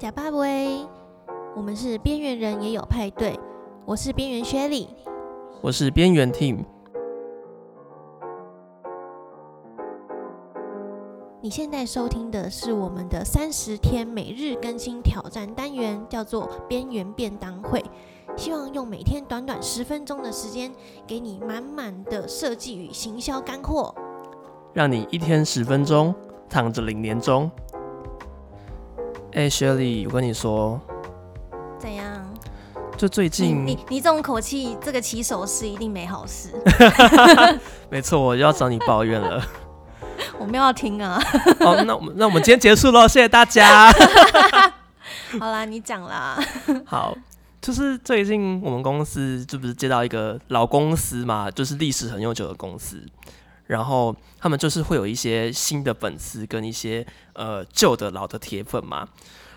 呷霸沒，我們是邊緣人也有派對。我是邊緣雪莉，我是邊緣 team。你現在收聽的是我們的三十天每日更新挑戰單元，叫做“邊緣便當會”。希望用每天短短十分鐘的時間，給你滿滿的設計與行銷乾貨，讓你一天十分鐘，躺着領年終。哎，雪莉，我跟你說，怎樣？就最近你你，你這種口氣，這個起手是一定沒好事。 沒錯，我要找你抱怨了。我們要聽啊。好、 oh,，那我們那我們今天結束嘍，謝謝大家。 好啦，你講啦。 好，就是最近我們公司這不是接到一個老公司嘛，就是歷史很悠久的公司。然後他們就是會有一些新的粉絲跟一些呃舊的老的鐵粉嘛。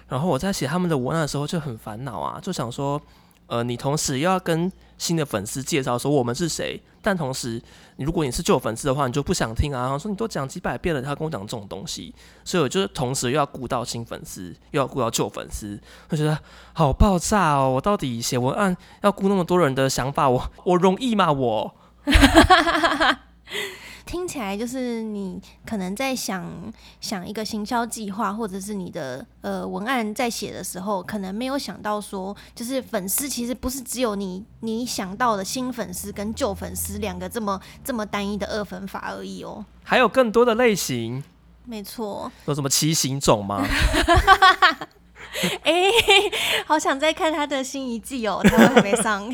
然後我在寫他們的文案的時候就很煩惱啊，就想說，呃，你同時又要跟新的粉絲介紹說我們是誰，但同時如果你是舊粉絲的話，你就不想聽啊。然後說你都講幾百遍了，他跟我講這種東西，所以我就是同時又要顧到新粉絲，又要顧到舊粉絲，我覺得好爆炸哦！我到底寫文案要顧那麼多人的想法，我我容易嗎？我。 聽起來就是你可能在想想一個行銷計劃，或者是你的呃文案在寫的時候，可能沒有想到說，就是粉絲其實不是只有你你想到的新粉絲跟舊粉絲兩個這麼這麼單一的二分法而已哦、喔，還有更多的類型，沒錯，有什麼騎行種嗎？ 哎、 欸，好想再看他的新一季哦，他們還沒上。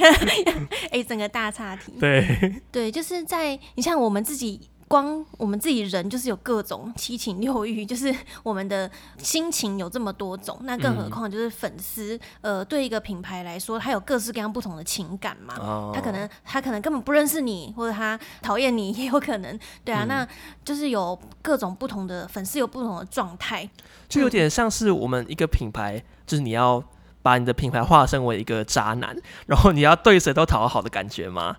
哎、 欸，整個大岔題。對對，就是在你像我們自己。光我們自己人就是有各種七情六慾，就是我們的心情有這麼多種。那更何況就是粉絲、嗯，呃，對一個品牌來說，他有各式各樣不同的情感嘛。哦、他可能他可能根本不認識你，或者他討厭你，也有可能。對啊、嗯，那就是有各種不同的粉絲，有不同的狀態，就有點像是我們一個品牌，就是你要。把你的品牌化身為一個渣男，然後你要對誰都討好的感覺嗎？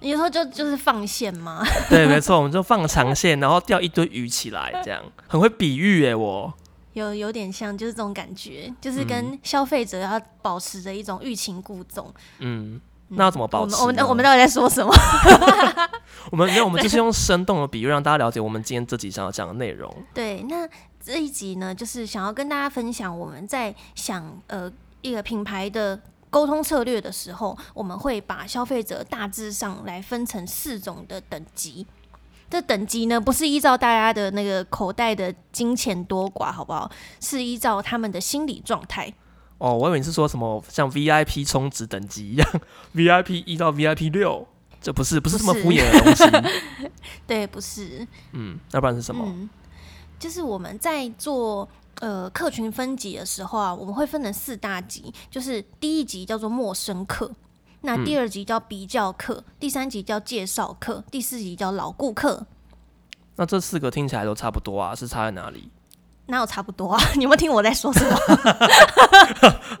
你 說就就是放線嗎？ 對，沒錯，我們就放長線，然後釣一堆魚起來，這樣很會比喻哎，我有有點像，就是這種感覺，就是跟消費者要保持着一種欲擒故縱，嗯。嗯那要怎麼保持呢？嗯，我們我們，我們到底在說什麼？ 我們沒有，我們就是用生動的比喻讓大家了解我們今天這集想要講的內容。對，那這一集呢，就是想要跟大家分享我們在想呃一個品牌的溝通策略的時候，我們會把消費者大致上來分成四種的等級。這等級呢，不是依照大家的那個口袋的金錢多寡好不好？是依照他們的心理狀態。哦，我以為你是說什麼像 VIP 充值等級一樣，VIP 一到 VIP 六，這不是不是這麼敷衍的東西？ 對，不是。嗯，那不然是什麼？嗯，就是我們在做呃客群分級的時候啊，我們會分成四大級，就是第一級叫做陌生客，那第二級叫比較客，第三級叫介紹客，第四級叫老顧客。那這四個聽起來都差不多啊，是差在哪裡？那有差不多啊，你有沒有聽我在說什麼？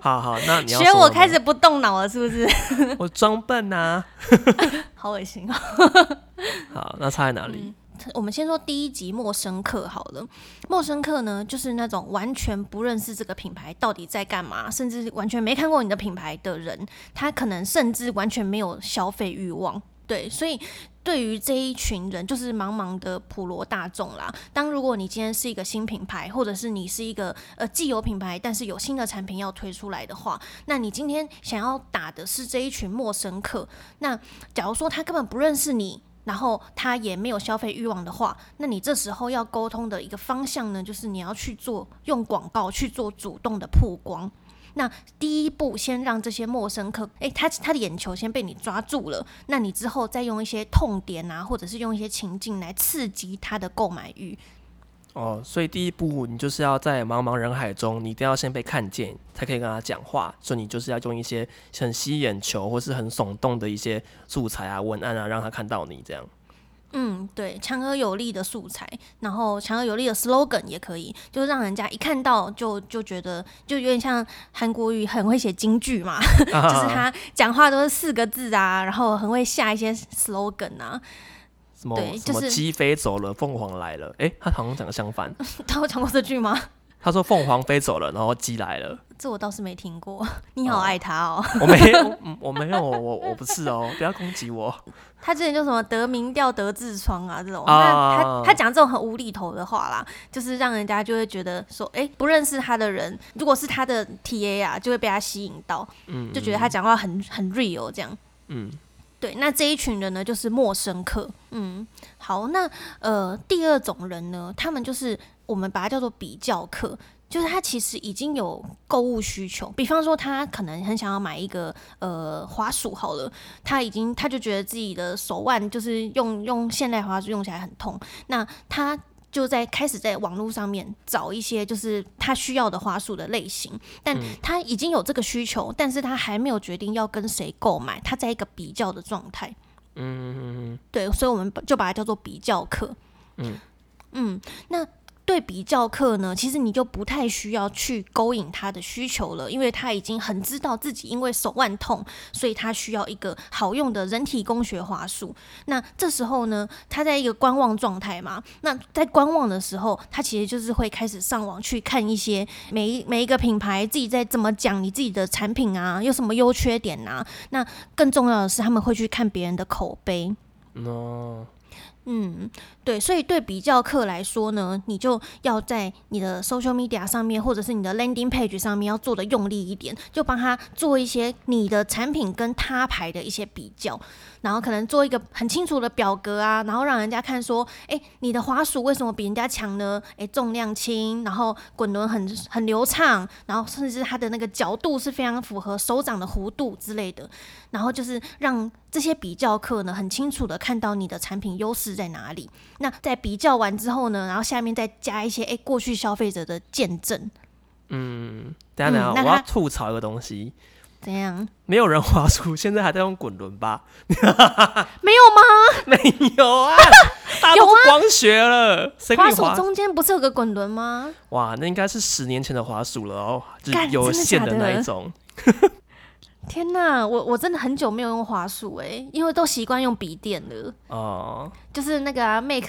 好好，那你要說學我開始不動腦了，是不是？我裝笨啊， 好噁心啊、喔！ 好，那差在哪裡、嗯？我們先說第一級陌生客好了。陌生客呢，就是那種完全不認識這個品牌到底在幹嘛，甚至完全沒看過你的品牌的人，他可能甚至完全沒有消費欲望。對，所以對於這一群人，就是茫茫的普羅大眾啦。當如果你今天是一個新品牌，或者是你是一個呃既有品牌，但是有新的產品要推出來的話，那你今天想要打的是這一群陌生客。那假如說他根本不認識你，然後他也沒有消費欲望的話，那你這時候要溝通的一個方向呢，就是你要去做用廣告去做主動的曝光。那第一步，先讓這些陌生客，哎、欸，他他的眼球先被你抓住了，那你之後再用一些痛點啊，或者是用一些情境來刺激他的購買欲。哦，所以第一步，你就是要在茫茫人海中，你一定要先被看見，才可以跟他講話。所以你就是要用一些很吸眼球或是很聳動的一些素材啊、文案啊，讓他看到你這樣。嗯，對，強而有力的素材，然後強而有力的 slogan 也可以，就讓人家一看到就就覺得，就有點像韓國瑜很會寫金句嘛，啊啊 就是他講話都是四個字啊，然後很會下一些 slogan 啊，什麼對，就是雞飛走了，鳳凰來了，哎、欸，他好像講的相反，他有講過這句嗎？他說鳳凰飛走了，然後雞來了。這我倒是沒聽過，你好愛他哦。哦我沒有，我沒有，我我不是哦，不要攻擊我。 他之前就什麼得民調得痔瘡啊這種，哦、那他他講這種很無厘頭的話啦，就是讓人家就會覺得說，哎，不認識他的人，如果是他的 T A 啊，就會被他吸引到，嗯，嗯，就覺得他講話很很 real 這樣，嗯，對。那這一群人呢，就是陌生客，嗯，好，那呃，第二種人呢，他們就是我們把它叫做比較客。就是他其實已經有購物需求，比方說他可能很想要買一個呃滑鼠好了，他已經他就覺得自己的手腕就是用用現代滑鼠用起來很痛，那他就在開始在網絡上面找一些就是他需要的滑鼠的類型，但他已經有這個需求，嗯、但是他還沒有決定要跟誰購買，他在一個比較的狀態，嗯，對，所以我們就把它叫做比較客、嗯，嗯，那。對比教課呢，其實你就不太需要去勾引他的需求了，因為他已經很知道自己因為手腕痛，所以他需要一個好用的人體工學滑鼠。那這時候呢，他在一個觀望狀態嘛。那在觀望的時候，他其實就是會開始上網去看一些每每一個品牌自己在怎麼講你自己的產品啊，有什麼優缺點啊。那更重要的是，他們會去看別人的口碑。No. 嗯，對，所以對比較客來說呢，你就要在你的 social media 上面，或者是你的 landing page 上面，要做的用力一點，就幫他做一些你的產品跟他牌的一些比較，然後可能做一個很清楚的表格啊，然後讓人家看說，哎、欸，你的滑鼠為什麼比人家強呢？哎、欸，重量輕，然後滾輪很很流暢，然後甚至它的那個角度是非常符合手掌的弧度之類的，然後就是讓。這些比較課呢，很清楚的看到你的產品優勢在哪裡。那在比較完之後呢，然後下面再加一些哎、欸，過去消費者的見證。嗯，等下等下、喔嗯，我要吐槽一個東西。怎樣？沒有人滑鼠現在還在用滾輪吧？ 沒有嗎？ 沒有啊， 有啊，大都是光學了。啊、滑，滑鼠中間不是有個滾輪嗎？哇，那應該是十年前的滑鼠了哦、喔，就是有線的那一種。 天吶，我我真的很久沒有用滑鼠，哎、欸，因為都習慣用筆電了。哦、oh.，就是那個啊，Mac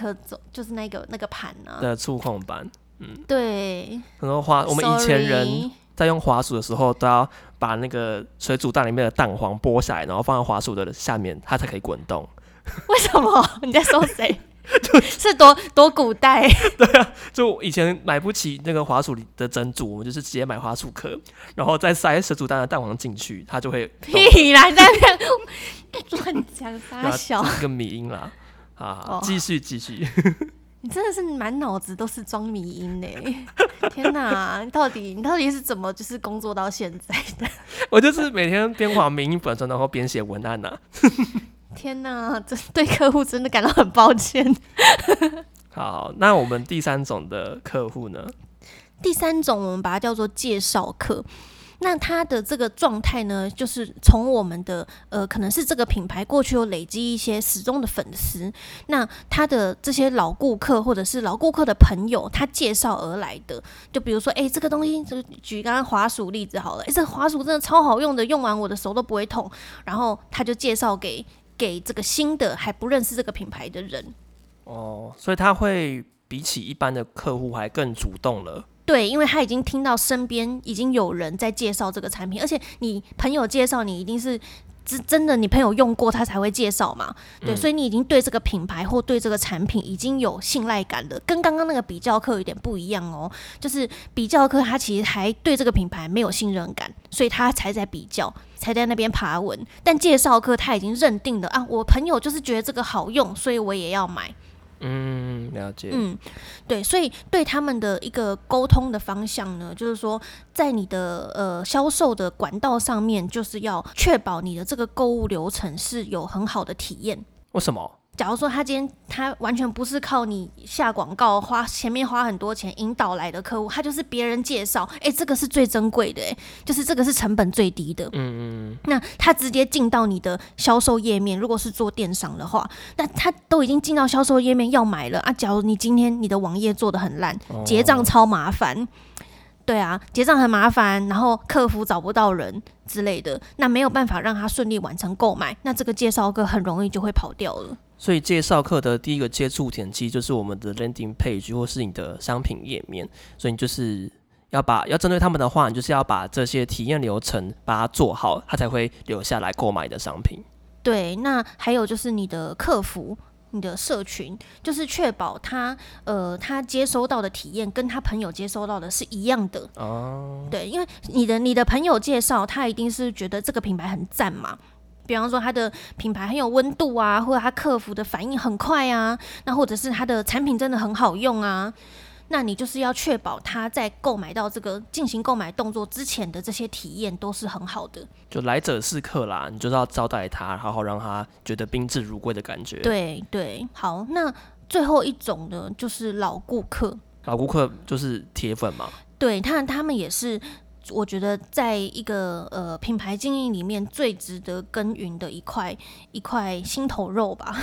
就是那個那個盤呢、啊。的觸控板，嗯，對。很多滑，我們以前人在用滑鼠的時候，Sorry、都要把那個水煮蛋裡面的蛋黃剝下來，然後放在滑鼠的下面，它才可以滾動。為什麼？你在說誰？ 是多多古代。 對啊，就以前買不起那個滑鼠的珍珠，我們就是直接買滑鼠殼，然後再塞蛇足蛋的蛋黃進去，它就會。屁！你在亂講大小，跟 迷因啦啊！繼續繼續，續 你真的是滿腦子都是裝迷因呢？ 天哪，你到底你到底是怎麼就是工作到現在的？ 我就是每天邊畫迷因本身，然後編寫文案吶、啊。 天吶，這對客戶真的感到很抱歉。 好，好，那我們第三種的客戶呢？第三種我們把它叫做介紹客。那他的這個狀態呢，就是從我們的呃，可能是這個品牌過去有累積一些始終的粉絲，那他的這些老顧客或者是老顧客的朋友，他介紹而來的。就比如說，哎、欸，這個東西，就舉剛剛滑鼠例子好了。哎、欸，這個、滑鼠真的超好用的，用完我的手都不會痛。然後他就介紹給。給這個新的還不認識這個品牌的人，哦，所以他會比起一般的客戶還更主動了。對，因為他已經聽到身邊已經有人在介紹這個產品，而且你朋友介紹你一定是。真真的，你朋友用過他才會介紹嘛？對、嗯，所以你已經對這個品牌或對這個產品已經有信賴感了，跟剛剛那個比較客有點不一樣哦、喔。就是比較客他其實還對這個品牌沒有信任感，所以他才在比較，才在那邊爬文。但介紹客他已經認定了啊，我朋友就是覺得這個好用，所以我也要買。嗯，了解。嗯，對，所以對他們的一個溝通的方向呢，就是說，在你的呃銷售的管道上面，就是要確保你的這個購物流程是有很好的體驗。為什麼？假如說他今天他完全不是靠你下廣告花前面花很多錢引導來的客戶，他就是別人介紹。哎、欸，這個是最珍貴的，欸，就是這個是成本最低的。嗯嗯。那他直接進到你的銷售頁面，如果是做電商的話，那他都已經進到銷售頁面要買了啊。假如你今天你的網頁做得很爛，結賬超麻煩。對啊，結賬很麻煩，然後客服找不到人之類的，那沒有辦法讓他順利完成購買，那這個介紹個很容易就會跑掉了。所以介紹客的第一個接觸點，其實就是我們的 landing page 或是你的商品頁面。所以你就是要把要針對他們的話，你就是要把這些體驗流程把它做好，他才會留下來購買你的商品。對，那還有就是你的客服、你的社群，就是確保他呃他接收到的體驗跟他朋友接收到的是一樣的。哦、uh...，對，因為你的你的朋友介紹他一定是覺得這個品牌很讚嘛。比方說，他的品牌很有溫度啊，或者他客服的反應很快啊，那或者是他的產品真的很好用啊，那你就是要確保他在購買到這個進行購買動作之前的這些體驗都是很好的。就來者是客啦，你就是要招待他，然後讓他覺得賓至如歸的感覺。對對，好，那最後一種呢，就是老顧客。老顧客就是鐵粉嘛、嗯。對，他他們也是。我覺得，在一個呃品牌經營裡面，最值得耕耘的一塊一塊心頭肉吧，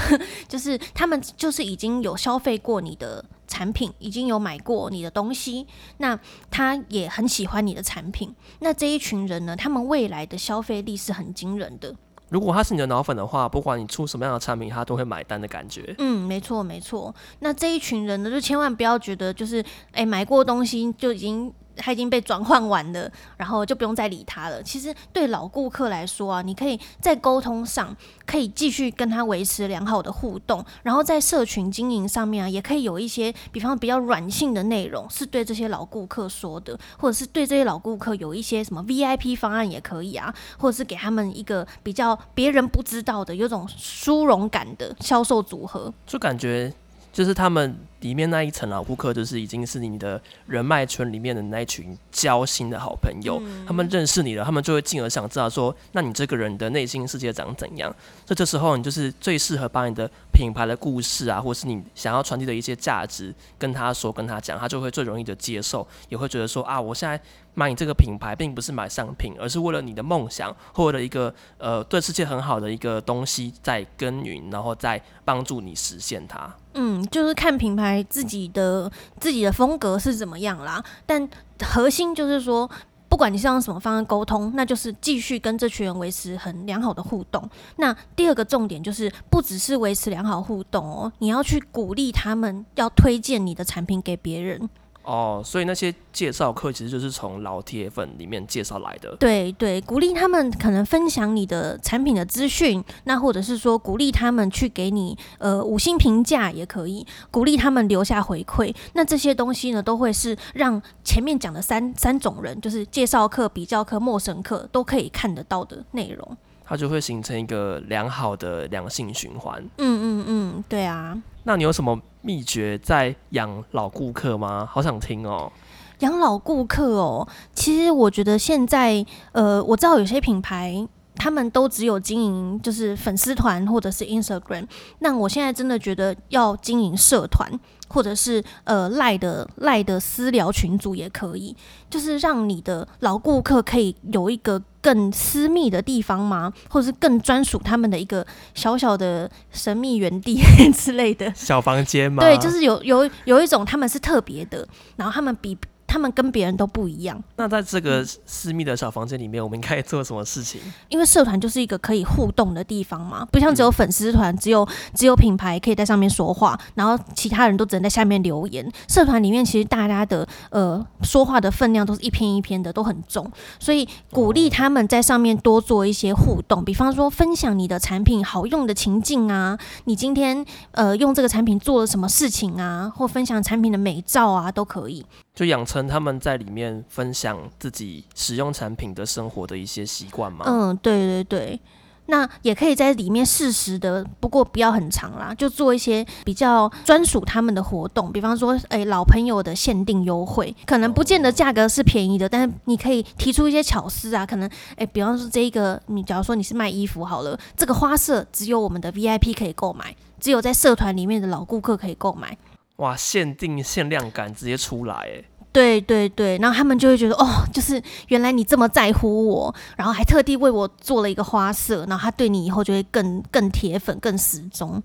就是他們就是已經有消費過你的產品，已經有買過你的東西，那他也很喜歡你的產品。那這一群人呢，他們未來的消費力是很驚人的。如果他是你的腦粉的話，不管你出什麼樣的產品，他都會買單的感覺。嗯，沒錯，沒錯。那這一群人呢，就千萬不要覺得就是哎、欸、買過東西就已經。他已經被轉換完了，然後就不用再理他了。其實對老顧客來說啊，你可以在溝通上可以繼續跟他維持良好的互動，然後在社群經營上面啊，也可以有一些，比方比較軟性的內容，是對這些老顧客說的，或者是對這些老顧客有一些什麼 VIP 方案也可以啊，或者是給他們一個比較別人不知道的、有種殊榮感的銷售組合，就感覺。就是他們裡面那一層老顧客，就是已經是你的人脈圈裡面的那一群交心的好朋友。嗯、他們認識你了，他們就會進而想知道說，那你這個人的內心世界長怎樣？所以這時候你就是最適合把你的品牌的故事啊，或是你想要傳遞的一些價值跟他說、跟他講，他就會最容易的接受，也會覺得說啊，我現在買你這個品牌，並不是買商品，而是為了你的夢想，或者一個呃對世界很好的一個東西在耕耘，然後再幫助你實現它。嗯，就是看品牌自己的自己的風格是怎麼樣啦。但核心就是說，不管你是用什麼方式溝通，那就是繼續跟這群人維持很良好的互動。那第二個重點就是，不只是維持良好互動哦，你要去鼓勵他們要推薦你的產品給別人。哦，所以那些介紹客其實就是從老鐵粉裡面介紹來的。對對，鼓勵他們可能分享你的產品的資訊，那或者是說鼓勵他們去給你呃五星評價也可以，鼓勵他們留下回饋。那這些東西呢，都會是讓前面講的三三種人，就是介紹客、比較客、陌生客都可以看得到的內容。它就會形成一個良好的良性循環。嗯嗯嗯，對啊。那你有什麼秘訣在養老顧客嗎？好想聽哦、喔！養老顧客哦、喔，其實我覺得現在呃，我知道有些品牌他們都只有經營就是粉絲團或者是 Instagram，那我現在真的覺得要經營社團。或者是呃賴的賴的私聊群組也可以，就是讓你的老顧客可以有一個更私密的地方嘛，或者是更專屬他們的一個小小的神秘園地之類的。小房間嗎？對，就是有有有一種他們是特別的，然後他們比。他們跟別人都不一樣。那在這個私密的小房間裡面，嗯，我們應該做什麼事情？因為社團就是一個可以互動的地方嘛，不像只有粉絲團，只有只有品牌可以在上面說話，然後其他人都只能在下面留言。社團裡面其實大家的呃說話的分量都是一篇一篇的，都很重，所以鼓勵他們在上面多做一些互動，比方說分享你的產品好用的情境啊，你今天呃用這個產品做了什麼事情啊，或分享產品的美照啊，都可以。就養成他們在裡面分享自己使用產品的生活的一些習慣嘛？嗯，對對對，那也可以在裡面適時的，不過不要很長啦，就做一些比較專屬他們的活動，比方說，誒、欸，老朋友的限定優惠，可能不見得價格是便宜的，但是你可以提出一些巧思啊，可能，誒、欸，比方說這一個，你假如說你是賣衣服好了，這個花色只有我們的 VIP 可以購買，只有在社團裡面的老顧客可以購買。哇，限定限量感，直接出來。對對對，然後他們就會覺得哦，就是原來你這麼在乎我，然後還特地為我做了一個花色，然後他對你以後就會更更鐵粉，更死忠。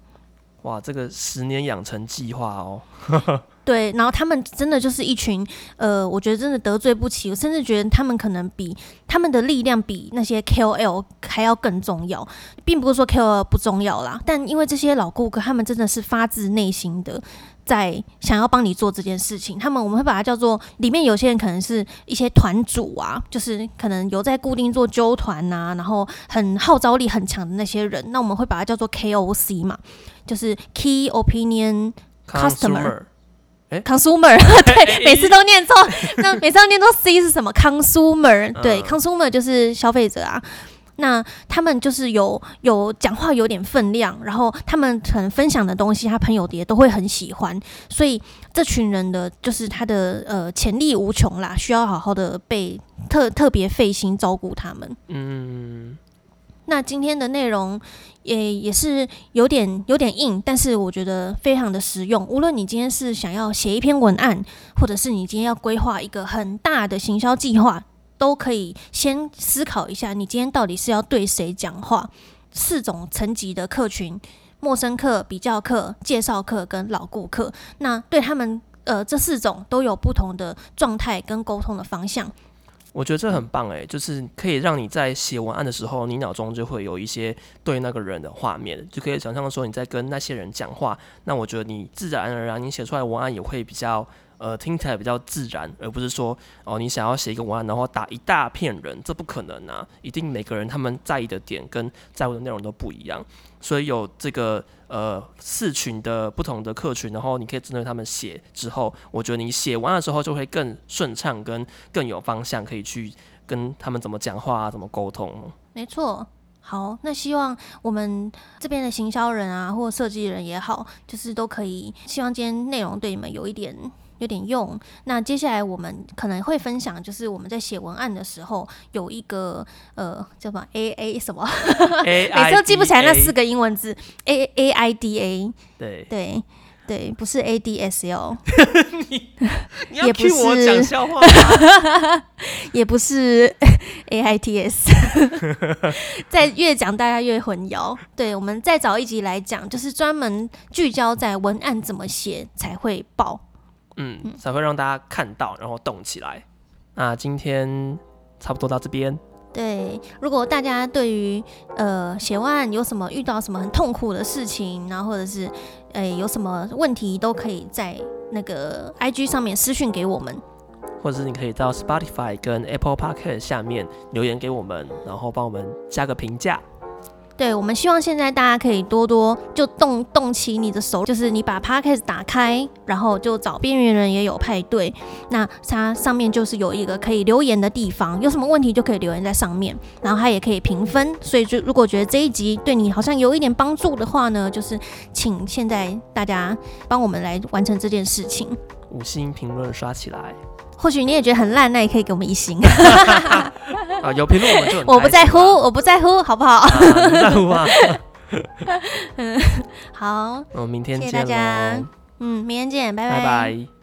哇，這個十年養成計劃哦。 對，然後他們真的就是一群，呃，我覺得真的得罪不起。我甚至覺得他們可能比他們的力量比那些 KOL 還要更重要，並不是說 KOL 不重要啦。但因為這些老顧客，他們真的是發自內心的在想要幫你做這件事情。他們我們會把它叫做裡面有些人可能是一些團主啊，就是可能有在固定做揪團啊，然後很號召力很強的那些人。那我們會把它叫做 KOC 嘛，就是 Key Opinion Customer。哎、欸、，consumer，、欸、 對、欸，每次都念錯，那、欸、每次都念錯 C 是什麼？consumer，對、嗯、，consumer 就是消費者啊。那他們就是有有講話有點分量，然後他們可能分享的東西，他朋友也都會很喜歡。所以這群人的就是他的呃潛力無窮啦，需要好好的被特特別費心照顧他們。嗯。那今天的內容也也是有點有點硬，但是我覺得非常的實用。無論你今天是想要寫一篇文案，或者是你今天要規劃一個很大的行銷計劃，都可以先思考一下，你今天到底是要對誰講話。四種層級的客群：陌生客、比較客、介紹客跟老顧客。那對他們，呃，這四種都有不同的狀態跟溝通的方向。我覺得這很棒誒、欸,就是可以讓你在寫文案的時候，你腦中就會有一些對那個人的畫面，就可以想象說你在跟那些人講話。那我覺得你自然而然，你寫出來的文案也會比較。呃，聽起來比較自然，而不是說哦，你想要寫一個文案，然後打一大片人，這不可能啊！一定每個人他們在意的點跟在乎的內容都不一樣，所以有這個呃四群的不同的客群，然後你可以針對他們寫之後，我覺得你寫完的時候就會更順暢，跟更有方向，可以去跟他們怎麼講話啊，怎麼溝通。沒錯，好，那希望我們這邊的行銷人啊，或設計人也好，就是都可以，希望今天內容對你們有一點。有點用。那接下來我們可能會分享，就是我們在寫文案的時候有一個呃，叫什麼 A A 什麼，每次都記不起來那四個英文字 AIDA, A A I D A。對對，不是 A D S L， 你 也不是講笑話， 也不是 A I T S。AITS, 在越講大家越混淆。對，我們再找一集來講，就是專門聚焦在文案怎麼寫才會爆。嗯，嗯，才會讓大家看到，然後動起來。那今天差不多到這邊。對，如果大家對於呃寫文案有什麼遇到什麼很痛苦的事情，然後或者是呃、欸、有什麼問題，都可以在那個 I G 上面私訊給我們，或者是你可以到 Spotify 跟 Apple Podcast 下面留言給我們，然後幫我們加個評價。對，我們希望現在大家可以多多就動動起你的手，就是你把 podcast 打開，然後就找邊緣人也有派對，那它上面就是有一個可以留言的地方，有什麼問題就可以留言在上面，然後它也可以評分，所以就如果覺得這一集對你好像有一點幫助的話呢，就是請現在大家幫我們來完成這件事情，五星評論刷起來。或許你也覺得很爛，那也可以給我們一星。 啊，有評論我們就很、啊、我不在乎，我不在乎，好不好？不、啊、在乎啊。 嗯，好，我們明天見大家見。嗯，明天見，拜拜。拜拜。